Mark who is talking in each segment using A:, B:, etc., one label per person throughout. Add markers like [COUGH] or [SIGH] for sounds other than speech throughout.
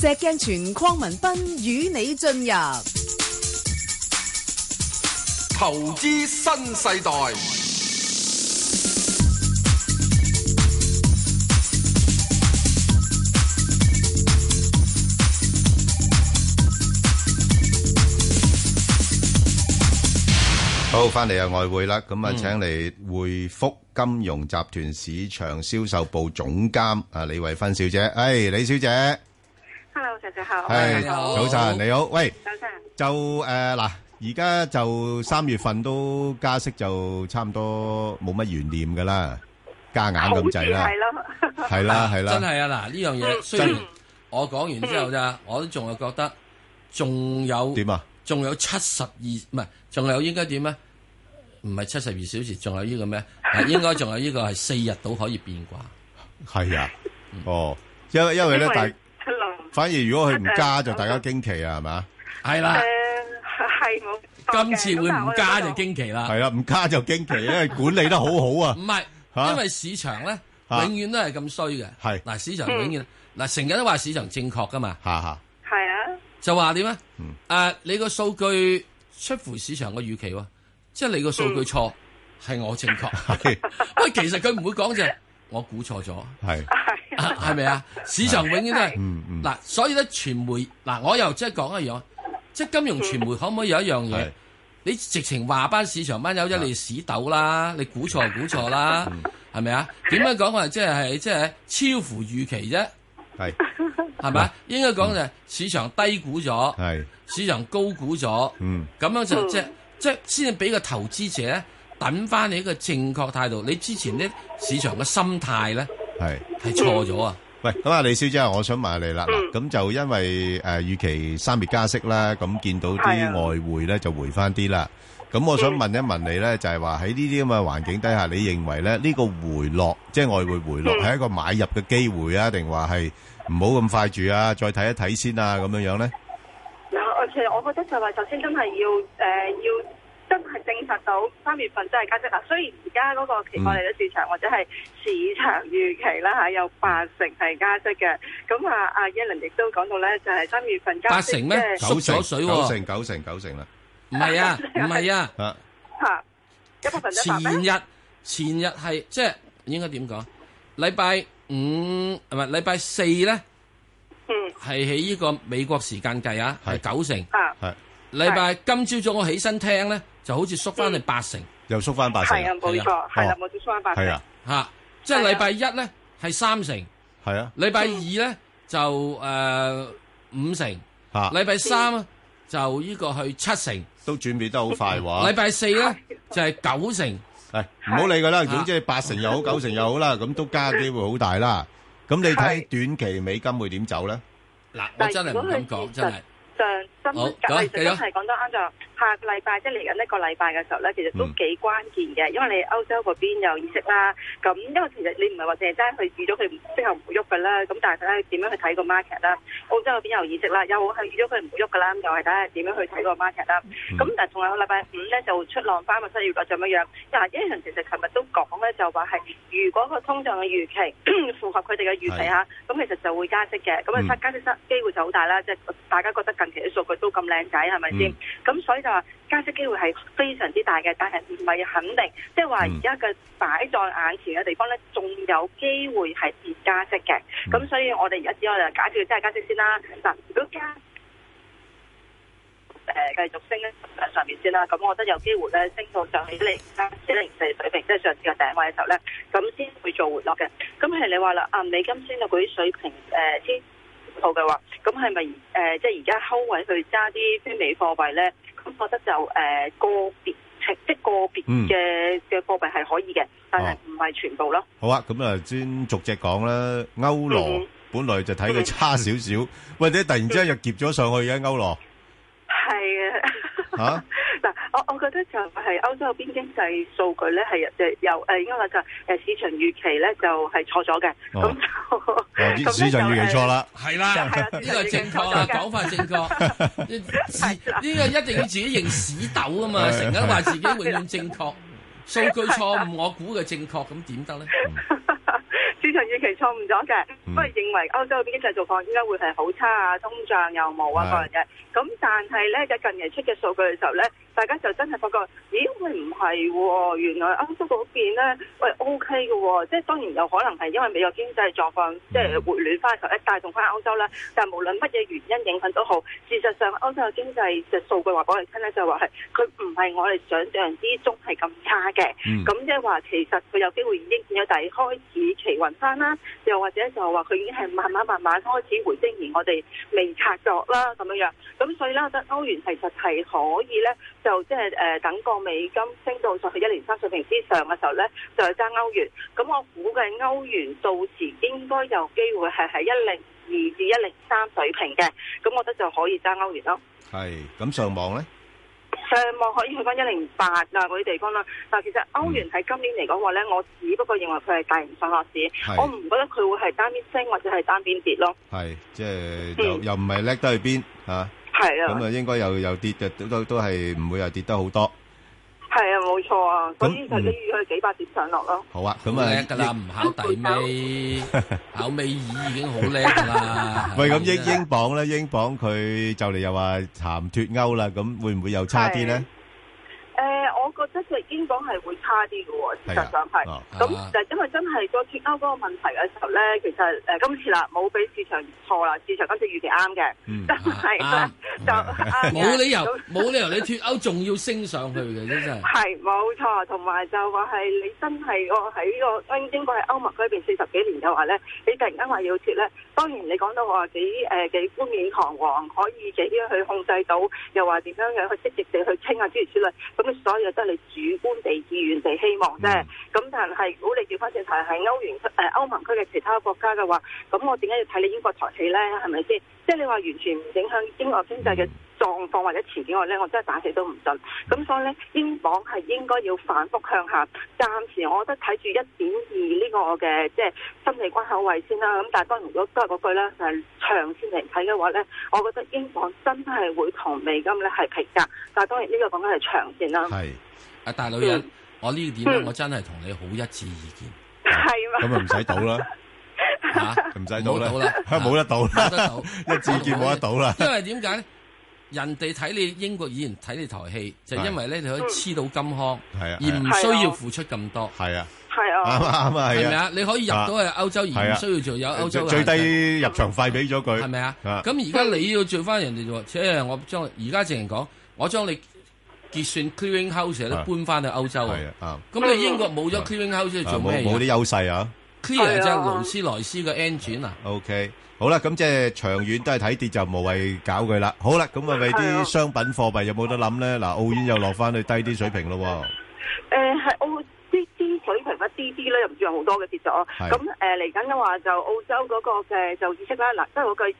A: 石鏡泉鄺文斌與你進入
B: 投資新世代。
C: 好，翻嚟又外匯啦。咁、嗯、啊，請嚟匯福金融集團市場銷售部總監啊，李慧芬小姐。哎、hey，李小姐。
D: hello，姐姐好，你好早晨，你好
C: 喂，早晨就誒嗱，而家就三月份都加息就差唔多冇乜懸念噶啦，加硬咁滯啦，係啦，係啦，真
B: 係啊嗱呢樣嘢，雖然我講完之後咋，我都仲係覺得仲有點啊，仲有七十二唔係，仲有應該點咧？唔係七十二小時，仲有呢個咩？應該仲有呢個係四日到可以變卦？係啊，
C: 哦，因因為咧大。反而如果佢唔加、嗯、就大家驚奇啊，係、嗯、咪？係啦，係冇、嗯。今次會唔加就驚奇啦，係啦，唔加
B: 就驚奇， [LAUGHS] 因為管理得好好啊。唔係、啊，因為市場咧、啊，永遠都係咁衰嘅。係嗱、啊，市場永遠嗱成日都話市場正確噶嘛。吓、啊、吓。係啊。就話點咧？誒、嗯啊，你個數據出乎市場嘅預期喎、啊，即、就、係、是、你個數據錯，係、嗯、我正確。喂， [LAUGHS] 其實佢唔會講就係，我估錯咗。係。係咪啊？市場永遠都係嗱、嗯嗯，所以咧傳媒嗱，我又即係講一樣，即係金融傳媒可唔可以有一樣嘢？你直情話班市場班有一你屎斗啦，你估錯估錯啦，係咪啊？點、嗯、樣講啊？即係即係超乎預期啫，係，係咪啊？應該講就係市場低估咗，係市場高估咗，嗯，咁樣就、嗯、即係即係先至俾個投資者呢，等翻你一個正確態度。你之前咧市場嘅心態咧？係，係錯咗啊！
C: 喂，咁啊，李小姐，我想問下你啦。咁就因為誒預期三月加息啦，咁見到啲外匯咧就回翻啲啦。咁我想問一問你咧，就係話喺呢啲咁嘅環境底下，你認為咧呢個回落，即係外匯回落，係一個買入嘅機會啊，定話係唔好咁快住啊，再睇一睇先啊，咁樣樣咧？嗱，
A: 其實我覺得就係話首先真係要誒要。證實到三月份真係加息啦。雖然而家嗰個我哋嘅市場或者係市場預期啦，吓有八成係加息嘅。咁啊，阿耶倫亦都講到咧，就係三月份加息八成咩？
C: 縮咗水喎，九成九成九成啦，唔係啊，唔係啊，
B: 吓，前日前日係即係應該點講？禮拜五係咪禮拜四咧？嗯，係喺呢個美國時間計啊，係九成。啊，係禮拜今朝早我起身聽咧。就好似縮翻你八成，又縮翻八成，係啊，冇錯，係啦，冇跌縮翻八成，係啊，吓，即係禮拜一咧係三成，係啊，禮拜二咧就誒五成，吓，禮拜三咧就呢個去七成，都轉變得好快喎，禮拜四咧就係九
C: 成，係唔好理佢啦，總之八成又好，九成又好啦，咁都加嘅機會好大啦，咁你睇，短期美金會點走咧？
D: 嗱，我真係唔敢講，真係。
A: 真，其實真係講得啱就下個禮拜即係嚟緊呢個禮拜嘅時候咧，其實都幾關鍵嘅，嗯、因為你歐洲嗰邊有議息啦。咁因為其實你唔係話淨係單係預咗佢唔適合唔喐㗎啦。咁但係睇下點樣去睇個 market 啦。澳洲嗰邊有議息啦，又好係預咗佢唔會喐㗎啦。咁又係睇下點樣去睇個 market 啦。咁但係同埋禮拜五咧就出浪翻個七月攤咁樣樣。嗱，一樣其實琴日都講咧，就話係如果個通脹嘅預期 [COUGHS] 符合佢哋嘅預期嚇，咁、嗯、其實就會加息嘅。咁啊，加息息機會就好大啦。即、嗯、係大家覺得近期啲數據。都咁靚仔係咪先？咁、嗯、所以就話加息機會係非常之大嘅，但係唔係肯定，即係話而家嘅擺在眼前嘅地方咧，仲有機會係跌加息嘅。咁、嗯、所以我哋而家只可以假設真係加息先啦。嗱、嗯，如果加誒繼、呃、續升喺上上面先啦，咁我覺得有機會咧升到上起零零四零四水平，即、就、係、是、上次嘅頂位嘅時候咧，咁先會做回落嘅。咁係你話啦，啊美金升到嗰啲水平誒先。呃冇、嗯、嘅、啊、話，咁係咪誒？即係而家 hold 位去揸啲非美貨幣咧？咁覺得就誒、呃、個別，即係個別嘅嘅貨幣係可以嘅，但係唔係全部咯。
C: 啊好啊，咁啊，先逐隻講啦。歐羅本來就睇佢差少少，或、嗯、者、嗯嗯、突然之間又夾咗上去嘅歐羅。
A: 係 [LAUGHS] 啊。嚇！我我覺得就係歐洲邊邊經濟數據咧，係誒由誒應該話就誒市場預期咧，就係錯咗嘅。咁、
C: 嗯哦嗯、市場預期錯啦 [LAUGHS]
A: 係
B: 啦，係啦、啊，呢 [LAUGHS] 個正確
C: 啊 [LAUGHS] 講法正確。
B: 呢、 [LAUGHS] 呢個一定要自己認屎斗啊嘛，成日話自己會咁正確 [LAUGHS] 係、啊係啊，數據錯誤 [LAUGHS] 我估嘅正確，咁點得咧？
A: [LAUGHS] 市場預期錯誤咗嘅，不 [LAUGHS] 係認為歐洲邊邊經濟狀況應該會係好差 [LAUGHS] 係啊，通脹又冇啊，各樣嘅。咁但係咧，就近期出嘅數據嘅時候咧。大家就真係發覺咦？喂，唔係喎，原來歐洲嗰邊咧，喂，O K 嘅喎，即係當然有可能係因為美國經濟狀況即係回暖翻嚟帶帶動翻歐洲啦。但係無論乜嘢原因影響都好，事實上歐洲嘅經濟嘅數據話俾我哋聽咧，就係話係佢唔係我哋想象之中係咁差嘅。咁、mm -hmm. 即係話其實佢有機會已經見咗第一開始企穩翻啦，又或者就話佢已經係慢慢慢慢開始回升，而我哋未察覺啦咁樣樣。咁所以咧，我覺得歐元其實係可以咧。就即係誒、呃，等個美金升到上去一零三水平之上嘅時候咧，就係爭歐元。咁我估計歐元到時應該有機會係喺一零二至一零三水平嘅。咁我覺得就可以爭歐元咯。
C: 係，咁上望咧？
A: 上望可以去翻一零八啊嗰啲地方啦。但係其實歐元喺今年嚟講話咧，我只不過認為佢係大型上落市，我唔覺得佢會係單邊升或者係單邊跌咯。
C: 係，即係、嗯、又又唔係叻得去邊吓？啊係啊，咁啊，應該有有跌嘅，都都係唔會又跌得好多。係啊，
A: 冇錯啊，咁其實你預
C: 佢幾百點上落咯。好啊，咁啊，今日唔
B: 考第尾，考尾二已經好叻㗎啦。喂，咁英英
C: 鎊咧，英鎊佢就嚟又話談脱歐啦，咁會唔會又差啲咧？
A: 因為英國係會差啲嘅喎，事實上係。咁就、啊哦啊、因為真係個脱歐嗰個問題嘅時候咧，其實誒今次啦，冇俾市場錯啦，市場今次預期啱嘅，係、嗯、啦、啊，就
B: 冇、啊啊、理由冇 [LAUGHS] 理由你脱歐仲要升上去嘅，真係
A: 係冇錯。同埋就話係你真係我喺個英英國喺歐盟嗰邊四十幾年嘅話咧，你突然間話要脱咧，當然你講到話幾誒、呃、幾冠冕堂皇，可以幾去控制到，又話點樣樣去積極地去傾啊諸如此類，咁所以又得你。主觀地、意願地、希望啫。咁、嗯、但係，如果你掉翻轉頭係歐元、誒、呃、歐盟區嘅其他國家嘅話，咁我點解要睇你英國財氣呢？係咪先？即、就、係、是、你話完全唔影響英國經濟嘅狀況、嗯、或者前景嘅呢，我真係打死都唔信。咁所以呢，英鎊係應該要反覆向下。暫時，我覺得睇住一點二呢個嘅即係心理關口位先啦。咁但係當然，如果都係嗰句咧，誒長線嚟睇嘅話呢，我覺得英鎊真係會同美金咧係平價。但係當然呢個講緊係長線啦。係。
B: 啊大女人，嗯、我呢點咧、嗯，我真係同你好一致意見，
A: 係咁咪唔
B: 使賭啦，
C: 吓唔使賭啦，冇、啊 [LAUGHS] 啊啊、得賭啦，啊、得、得 [LAUGHS] 一致意見冇得賭啦。因
B: 為點解咧？人哋睇你英國演員睇你台戲，就因為咧你可以黐到金腔，係、嗯、啊，而唔需要
C: 付出咁多，係啊，係啊，啱啱啱啊，啊，你可以入到去歐洲而唔需要
B: 做有歐洲最低
C: 入場費俾咗佢，係咪啊？咁而
B: 家你要做翻人哋就話，即我將而家淨係講，我將你。結算 clearing house 咧搬翻去歐洲啊，咁你英國冇咗 clearing house 做咩嘢？冇啲優勢啊！clear 即係勞斯萊斯個 engine
C: 啊。OK，好啦，咁即係長遠都係睇跌就無謂搞佢啦。好啦，咁啊為啲商品貨幣有冇得諗咧？嗱，澳元又落翻去低啲水平咯。誒，係澳
A: 啲啲水平一啲啲咧，又唔知有好多嘅跌咗。咁誒嚟緊嘅話就澳洲嗰個嘅就意識啦，嗱，即係我句。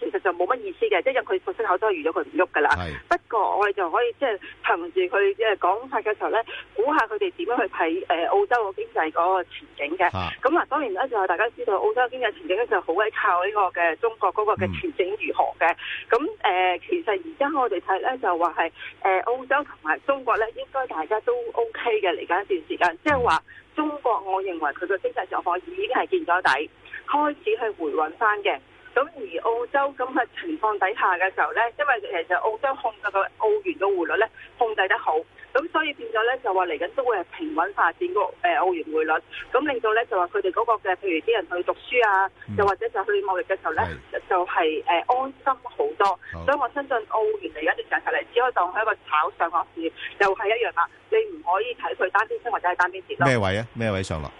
A: 其實就冇乜意思嘅，即係因為佢息口都係預咗佢唔喐㗎啦。不過我哋就可以即、就是、憑住佢即講法嘅時候呢估下佢哋點樣去睇誒、呃、澳洲嘅經濟嗰個前景嘅。咁嗱，當然咧就係大家知道澳洲經濟前景呢就好係靠呢個嘅中國嗰個嘅前景如何嘅。咁、嗯、誒、呃，其實而家我哋睇呢，就話係誒澳洲同埋中國呢應該大家都 OK 嘅嚟緊一段時間。即係話中國，我認為佢嘅經濟狀況已經係見咗底，開始去回穩翻嘅。咁而澳洲咁嘅情況底下嘅時候咧，因為其實澳洲控制個澳元嘅匯率咧控制得好，咁所以變咗咧就話嚟緊都會係平穩發展個澳元匯率，咁令到咧就話佢哋嗰個嘅譬如啲人去讀書啊，又、嗯、或者就去貿易嘅時候咧，就係、是呃、安心好多。所以我相信澳元嚟緊啲上策嚟，只可以當佢一個炒上落市，又係一樣啦。你唔可以睇佢單邊升或者係單邊跌咯。咩位
C: 啊？咩位上落？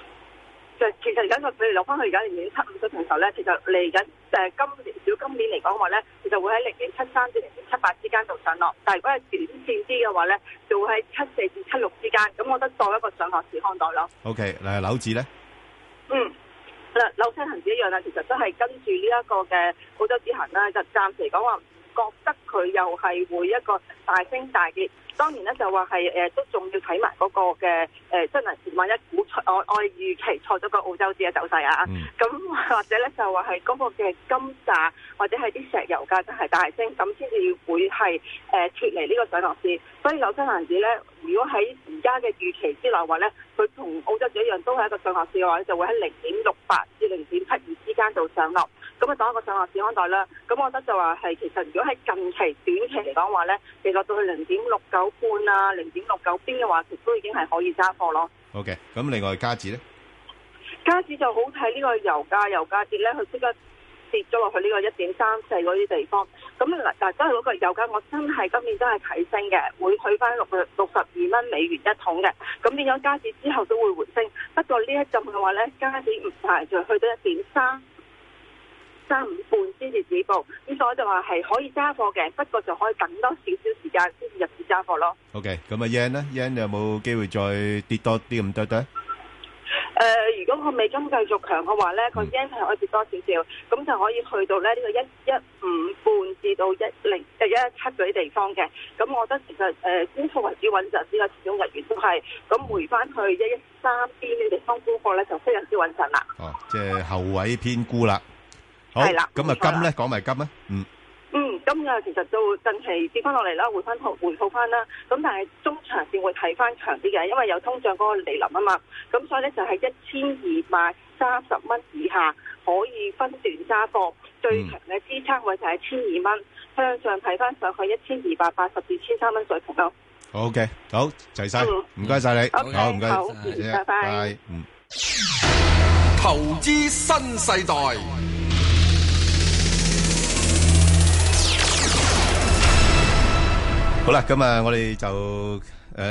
A: 其實而家佢哋落翻去而家零點七五嘅承受咧，其實嚟緊誒今少今年嚟講話咧，其實會喺零點七三至零點七八之間度上落。但係如果係短線啲嘅話咧，就會喺七四至七六之間。咁我覺得作一個上落市看待咯。
C: OK，嗱樓指咧，
A: 嗯，嗱樓市行市一樣啦，其實都係跟住呢一個嘅澳洲指行啦，就暫時嚟講話。覺得佢又係會一個大升大跌，當然咧就話係誒都仲要睇埋嗰個嘅誒紐西蘭紙萬一估錯，我我預期錯咗個澳洲紙嘅走勢啊，咁、嗯、或者咧就話係嗰個嘅金價或者係啲石油價真係大升，咁先至會係誒脱離呢個上落市。所以紐西蘭紙咧，如果喺而家嘅預期之內話咧，佢同澳洲紙一樣都係一個上落市嘅話，就會喺零點六八至零點七二之間度上落。咁啊，當一個上下市安待啦。咁我覺得就話係其實，如果喺近期短期嚟講話咧，其實去到去零點六九半啊、零點六九邊嘅話，其實都已經係可以揸貨咯。
C: OK，咁另外加紙咧，
A: 加紙就好睇呢個油價，油價跌咧，佢即刻跌咗落去呢個一點三四嗰啲地方。咁啊，嗱，真係嗰個油價，我真係今年真係睇升嘅，會去翻六六十二蚊美元一桶嘅。咁變咗加紙之後都會回升，不過一呢一陣嘅話咧，加紙唔排除去到一點三。三五半先至止步，咁所以就話係可以揸貨嘅，不過就可以等多少少時間先至入市揸貨咯。
C: O K，咁啊 yen 呢？yen 你有冇機會再跌多啲咁多多？
A: 誒、呃，如果個美金繼續強嘅話咧，個 yen 係可以跌多少少，咁、嗯、就可以去到咧呢個一一五半至到一零一一七啲地方嘅。咁我覺得其實誒沽貨為主穩陣，始終日圓都係咁回翻去一一三邊嘅地方沽貨咧，就非常之穩陣啦。
C: 哦，即係後位偏沽啦。係啦，咁啊金咧講埋金咧，嗯，
A: 嗯，金啊其實就近期跌翻落嚟啦，回翻套回復翻啦，咁但係中長線會睇翻長啲嘅，因為有通脹嗰個來臨啊嘛，咁所以咧就係一千二百三十蚊以下可以分段揸貨，嗯、最強嘅支撐位就係千二蚊，向上睇翻上去一千二百八十至千三蚊水平咯。
C: Okay, 好 k 好齊生，唔該晒你，okay, 好唔該晒，謝拜拜，拜拜，嗯，
B: 投資新世代。
C: 好啦，咁啊，我哋就誒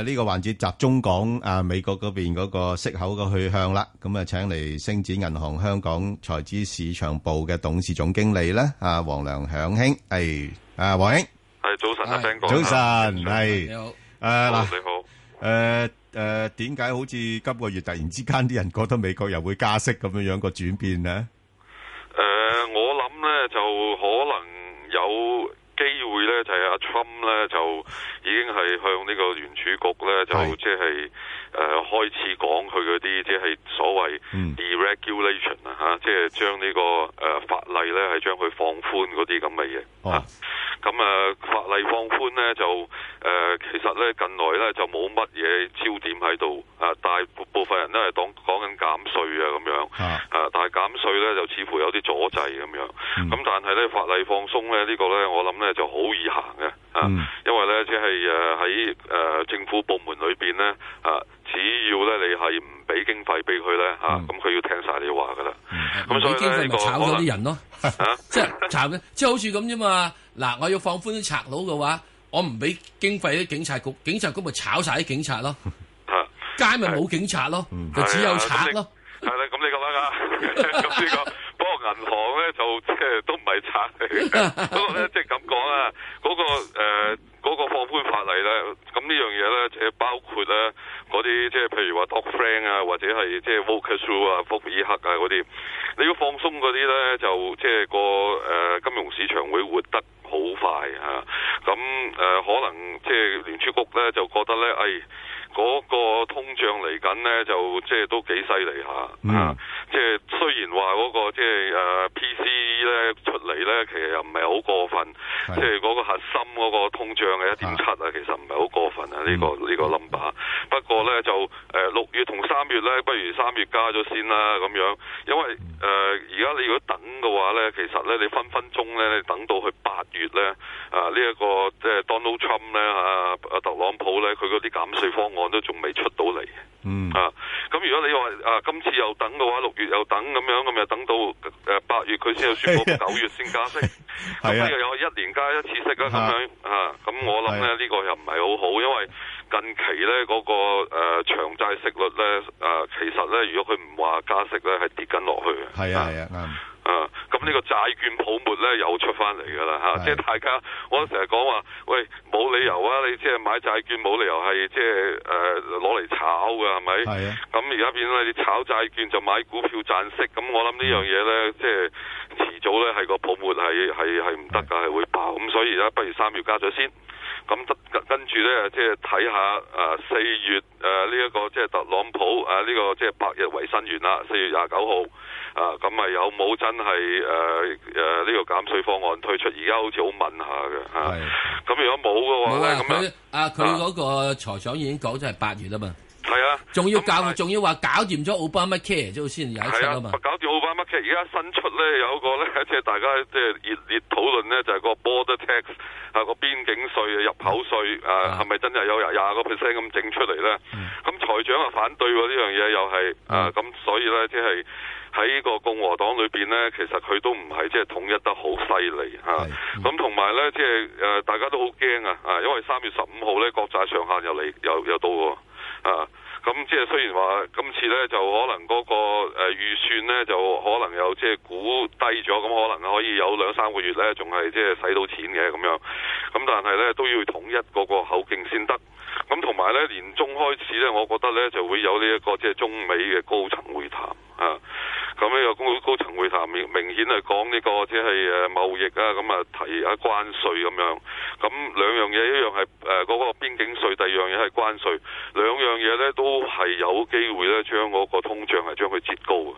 C: 呢個環節集中講啊美國嗰邊嗰個息口嘅去向啦。咁啊，請嚟星展銀行香港財資市場部嘅董事總經理咧，啊王良享兄，係啊王兄，係早晨啊，聽講啦，早晨係，你好，你好，誒誒，點解好似今個月突然之間啲人覺得美國又會加息咁樣樣個轉變咧？
D: 誒，我諗咧就。就係阿春咧，就已經係向呢個原處局咧，就即係、就是。誒、呃、開始講佢嗰啲即係所謂 deregulation，嗯、啊即係將呢、呢個誒、呃、法例咧係將佢放寬嗰啲咁嘅嘢，咁誒法例放寬咧，就誒、呃、其實咧近來咧就冇乜嘢焦點喺度啊，大部分人都係講講緊減稅啊咁樣啊，但係減稅咧就似乎有啲阻滯咁樣。咁、嗯嗯、但係咧法例放鬆咧呢、呢個咧我諗咧就好易行嘅。啊、嗯，因為咧即係誒喺誒政府部門裏邊咧啊，只要咧你係唔俾經費俾佢咧啊，咁佢要聽晒你話噶啦。咁所以經費咪炒咗啲人咯，
B: 即係炒即係好似咁啫嘛。嗱，我要放寬啲賊佬嘅話，我唔俾經費啲警察局，警察局咪炒晒啲警察咯。吓、啊，街咪冇警察咯，嗯、就只有賊、啊嗯嗯啊嗯嗯、
D: 咯、嗯。係、嗯、啦，咁你講啦。 [LAUGHS] [LAUGHS] 銀行咧就即係都唔係賊，不過咧即係咁講啊，嗰、那個嗰個誒、呃嗰個、放寬法例咧，咁呢樣嘢咧即係包括咧嗰啲即係譬如話 Dodd-Frank 啊，或者係即係 Volcker 啊、福爾克啊嗰啲，你要放鬆嗰啲咧就即係個誒金融市場會活得好快啊，咁誒可能即係聯儲局咧就覺得咧誒。哎嗰、那個通脹嚟緊呢，就即係都幾犀利嚇。嗯，即係雖然話嗰、那個即係、啊、誒 PCE 咧出嚟呢，其實又唔係好過分。即係嗰個核心嗰個通脹係一點七啊，其實唔係好過分啊。呢、這個呢、嗯這個 number。不過呢，就誒六、呃、月同三月呢，不如三月加咗先啦咁樣。因為誒而家你如果等嘅話呢，其實呢，你分分鐘呢你等到去八月呢，啊呢一、這個即係 Donald Trump 呢，嚇、啊、特朗普呢，佢嗰啲減稅方案。我都仲未出到嚟，嗯啊，咁如果你話啊今次又等嘅話，六月又等咁樣，咁又等到誒八、呃、月佢先有宣布九月先加息，咁 [LAUGHS] 咧又有一年加一次息啦，咁樣啊，咁我諗咧呢、啊這個又唔係好好，因為近期咧嗰、那個誒長債息率咧啊、呃，其實咧如果佢唔話加息咧係跌緊落去嘅，係啊係啊。啊、嗯，咁呢個債券泡沫咧又出翻嚟㗎啦，即係大家，我成日講話，喂，冇理由啊，你即係買債券冇理由係即係誒攞嚟炒㗎係咪？係啊。咁而家變咗你炒債券就買股票賺息，咁我諗呢樣嘢咧，即、就、係、是、遲早咧係、那個泡沫係係係唔得㗎，係會爆。咁所以而家不如三月加咗先，咁跟跟住咧即係睇下誒四月呢一個即係特朗普誒呢、呃這個即係百日維新完啦，四月廿九號啊，咁、呃、咪、呃、有冇震？係誒誒，呢、呃呃這個減稅方案推出而家好似好慢下嘅，咁、啊、如果冇嘅話，佢啊佢嗰、
B: 啊、個財長已經講咗係八月啦嘛。係啊，仲要、嗯、要搞，仲要話搞掂咗奧巴馬 care 之後先有一
D: 層啊嘛。搞掂奧巴馬 care 而家新出咧，有個咧，即、就、係、是、大家即係熱烈討論咧，就係、是、個 border tax 啊，個邊境稅啊，入口稅啊，係咪、啊、真係有廿廿個 percent 咁整出嚟咧？咁財、啊、長啊反對喎呢樣嘢，又係啊咁，啊所以咧即係喺呢個共和黨裏邊咧，其實佢都唔係即係統一得好犀利吓。咁同埋咧，即係誒，大家都好驚啊啊，因為三月十五號咧國債上限又嚟又又到。啊，咁即係雖然話今次呢，就可能嗰個誒預算呢，就可能有即係估低咗，咁可能可以有兩三個月呢，仲係即係使到錢嘅咁樣，咁但係呢都要統一嗰個口徑先得，咁同埋呢，年中開始呢，我覺得呢就會有呢一個即係中美嘅高層會談。啊，咁呢個高高層會談明明顯係講呢、呢個即係誒貿易啊，咁啊提下關稅咁樣，咁、啊、兩樣嘢一樣係誒嗰個邊境稅，第二樣嘢係關稅，兩樣嘢咧都係有機會咧將嗰、嗰個嗰個通脹係將佢切高嘅，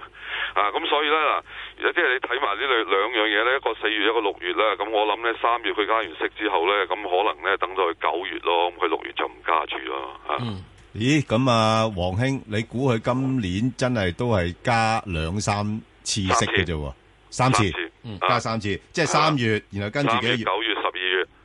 D: 啊，咁所以咧嗱，而家即係你睇埋呢兩兩樣嘢咧，一個四月一個六月咧，咁我諗咧三月佢加完息之後咧，咁可能咧等到佢九月咯，咁佢六月就唔加住咯，嚇、啊。嗯。
C: 咦，咁啊，王兄，你估佢今年真係都係加兩三次息嘅啫喎？三次，嗯，啊、加三次，即係三月、啊，然後跟住幾月？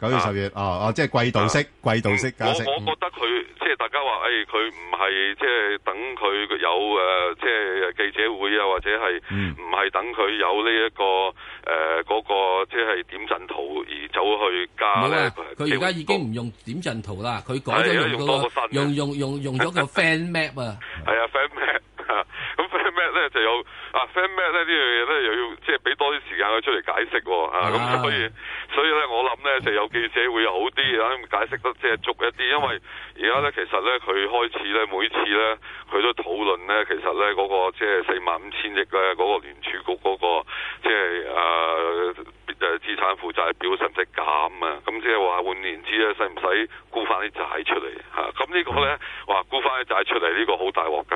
C: 九月十月哦、啊、哦，即係季度式，啊、季度式解我我
D: 覺得佢即係大家話，誒佢唔係即係等佢有誒，即係記者會啊，或者係唔係等佢有呢、這、一個誒嗰個即係點陣圖而走去加咧？佢而家
B: 已經唔用點陣圖啦，佢改咗用多個新嘅用用用用咗個 fan map [LAUGHS] 啊。
D: 係啊，fan map 啊，咁 fan map 咧就有啊，fan map 咧呢樣嘢咧又要即係俾多啲時間佢出嚟解釋喎啊，咁所以。那個所以咧，我諗咧就有記者會有好啲，解釋得即係足一啲。因為而家咧，其實咧佢開始咧每次咧，佢都討論咧，其實咧嗰個即係四萬五千億咧，嗰個聯儲局嗰個即係誒誒資產負債表使唔使減啊？咁即係話換言之咧，使唔使沽翻啲債出嚟吓？咁呢個咧，哇沽翻啲債出嚟呢個好大鑊噶，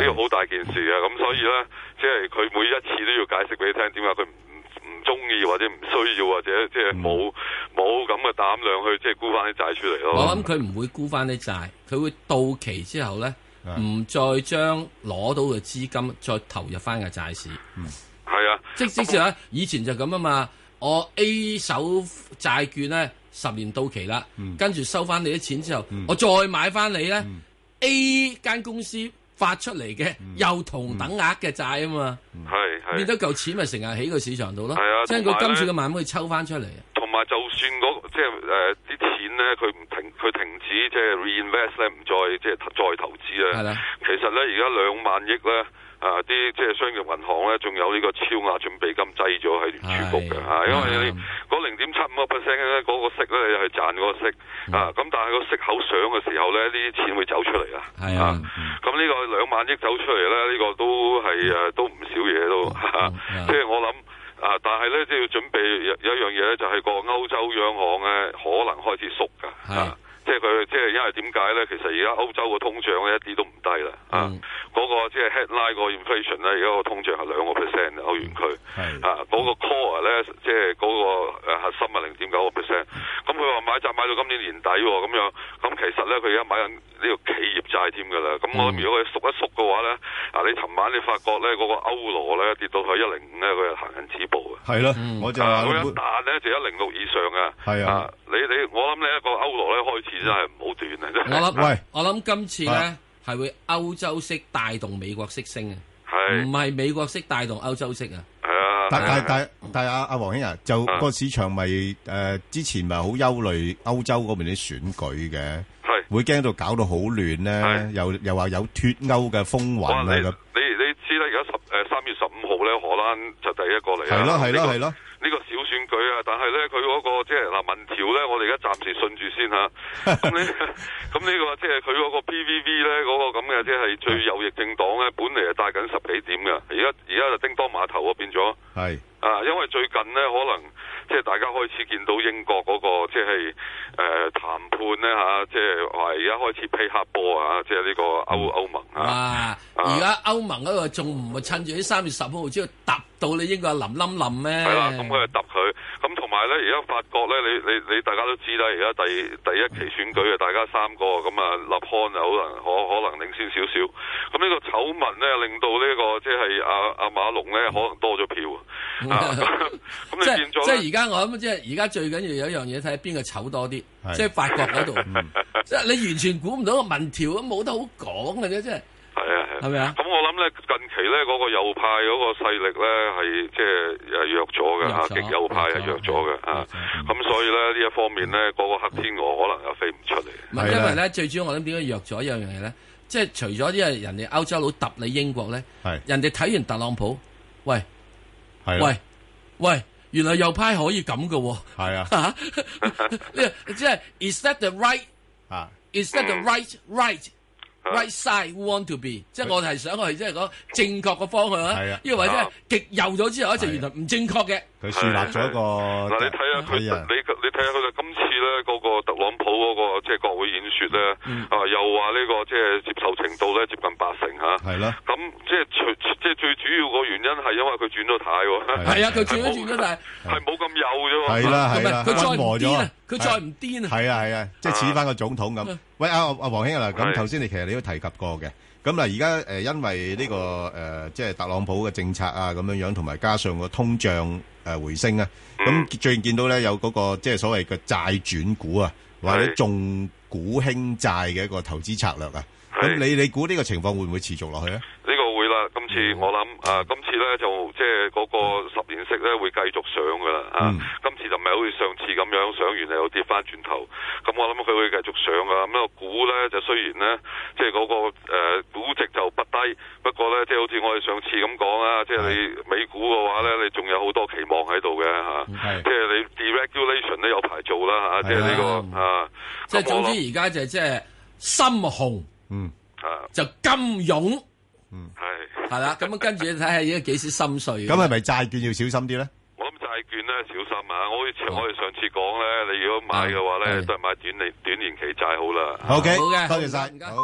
D: 呢個好大件事啊！咁所以咧，即係佢每一次都要解釋俾你聽，點解佢唔？唔中意或者唔需要或者即係冇冇咁嘅膽量去即係沽翻啲債出嚟咯。我諗佢
B: 唔會沽翻啲債，佢會到期之後咧唔再將攞到嘅資金再投入翻個債市。嗯，係啊，即即至咧，以前就咁啊嘛。我 A 手債券咧十年到期啦，嗯，跟住收翻你啲錢之後，嗯、我再買翻你咧 A 間公司。發出嚟嘅，嗯、又同等額嘅債啊嘛，
D: 變咗
B: 嚿錢咪成日喺個市場度咯，啊。即係佢今次嘅萬五佢抽翻出嚟。
D: 同埋就算嗰即係誒啲錢咧，佢唔停佢停止即係 reinvest 咧，唔、即係、再即係、即係、再投資咧。其實咧而家兩萬億咧啊啲即係商業銀行咧，仲有呢個超額準備金擠咗喺聯儲局嘅嚇，因為你。零點七五個 percent 咧，嗰個息咧係賺個息、嗯、啊！咁但係個息口上嘅時候咧，啲錢會走出嚟、嗯、啊！係、嗯這個嗯嗯、啊！咁呢個兩萬億走出嚟咧，呢個都係誒都唔少嘢都。即係我諗啊，但係咧即係要準備有一樣嘢咧，就係個歐洲央行咧、啊、可能開始縮噶。嗯啊即係佢，即係因為點解咧？其實而家歐洲嘅通脹咧一啲都唔低啦、嗯。啊，嗰、那個即係 headline 個 inflation 咧，而家個通脹係兩個 percent 歐元區。嗯、啊，嗰、那個 core 咧、嗯，即係嗰個核心係零點九個 percent。咁佢話買債買到今年年底喎、哦，咁樣咁其實咧佢而家買緊呢個企業債添㗎啦。咁我諗，如果佢熟一熟嘅話咧。你尋晚你發覺咧，嗰個歐羅咧跌到去一零五咧，佢又行緊止步嘅。係咯，我就好一彈咧就一零六以上啊！係啊，你你我諗你一個歐羅咧開始真係唔好斷啊！真係我諗，喂，
B: 我諗今次咧係會歐洲式帶動美國式升啊，唔係美國式帶動歐洲式啊。係啊，
C: 但但但但阿阿王兄啊，就個市場咪誒之前咪好憂慮歐洲嗰邊啲選舉嘅？會驚到搞到好亂咧，又又話有脫歐嘅風雲咧咁。
D: 你你，你知啦，而家十、呃、三月十五號咧，荷蘭就第一個嚟。係啦係啦係啦。但係咧，佢嗰、那個即係嗱民調咧，我哋而家暫時順住先嚇。咁、 [LAUGHS] 這個、呢咁呢、那個即係佢嗰個 P V V 咧，嗰個咁嘅即係最右翼政黨咧，本嚟係帶緊十幾點嘅，而家而家就叮噹馬頭啊變咗。係啊，因為最近咧，可能即係大家開始見到英國嗰個即係誒談判咧嚇，即係話而家開始批黑波、就是嗯、啊，即係呢個歐歐盟啊。而家
B: 歐盟嗰仲唔係趁住啲三月十五號之後揼到你英
D: 國林冧林咩？係、啊、啦，咁佢就揼佢。咁同埋咧，而家法國咧，你你你大家都知啦，而家第第一期選舉啊，大家三個咁啊，勒康啊，可能可可能領先少少。咁呢個醜聞咧，令到呢、這個即係阿阿馬龍咧，可能多咗票、嗯、啊。咁、嗯嗯、 [LAUGHS] 你見
B: 咗咧？即係而家我諗，即係而家最緊要有一樣嘢睇，邊個醜多啲？即係法國嗰度、嗯
D: 嗯，即係你
B: 完全估唔到個民調咁冇得好講嘅啫，
C: 即係。
D: 係咪啊？咁、嗯、我諗咧，近期咧嗰、嗰個右派嗰個勢力咧，係即係誒弱咗嘅吓，極右派係弱咗嘅啊。咁、嗯嗯、所以咧呢一方面咧，個個黑天鵝可能又飛唔出嚟。唔係，因為
B: 咧最主要我諗點解弱咗一樣嘢咧，即係除咗啲係人哋歐洲佬揼你英國咧，係人哋睇完特朗普，喂，係喂喂，原來右派可以咁噶？係啊，哈哈啊啊 [LAUGHS] 即係 Is that the right？啊，Is that the right？right right? Right side want to be， [NOISE] 即係我係想，我即係講正確個方向。呢、啊，亦或者極右咗之後，一直原來唔正確嘅。
C: 佢樹立咗一個嗱、啊，你睇下佢、啊，
D: 你你睇下佢啦。今次咧嗰個特朗普嗰個即係國會演說咧、啊，啊又話呢、呢個即係接受程度咧接近八成吓，係啦，咁即係即係最主要個原因係因為佢轉咗軚喎。係啊，佢
B: 轉咗轉咗軚係冇
C: 咁幼咗。係啦係啦，佢再唔癲，佢再唔癲啊！係啊係啊，即係似翻個總統咁、啊。喂啊啊，王兄嗱，咁頭先你其實你都提及過嘅。咁嗱，而家因為呢個誒，即係特朗普嘅政策啊，咁樣樣，同埋加上個通脹誒回升啊，咁、嗯、最近見到咧有嗰個即係所謂嘅債轉股啊，或者重股輕債嘅一個投資策略啊，咁你你估呢個情況會唔會持續落去啊？呢、
D: 呢個會啦，今次我諗啊，今次咧就即係嗰個十年息咧會繼續上噶啦好上次咁樣上完又跌翻轉頭，咁我諗佢會繼續上啊。咁個股咧就雖然咧，即係嗰、那個、呃、估值就不低，不過咧即係好似我哋上次咁講啊，啊，啊，即係你美股嘅話咧，你仲有好多期望喺度嘅嚇。即係你 deregulation 都有排做啦嚇，即係呢個啊。即係總之而
B: 家就即係心紅，嗯啊，就金融。
D: 嗯係，係
B: 啦。咁跟住你睇下而家幾時心碎。咁係咪債券
C: 要小心啲咧？
D: 券咧小心啊！我好似我哋上次講咧、啊，你如果買嘅話咧，都係買短年短年期債、okay,。好啦。
C: ok 好嘅，多謝晒，唔該。好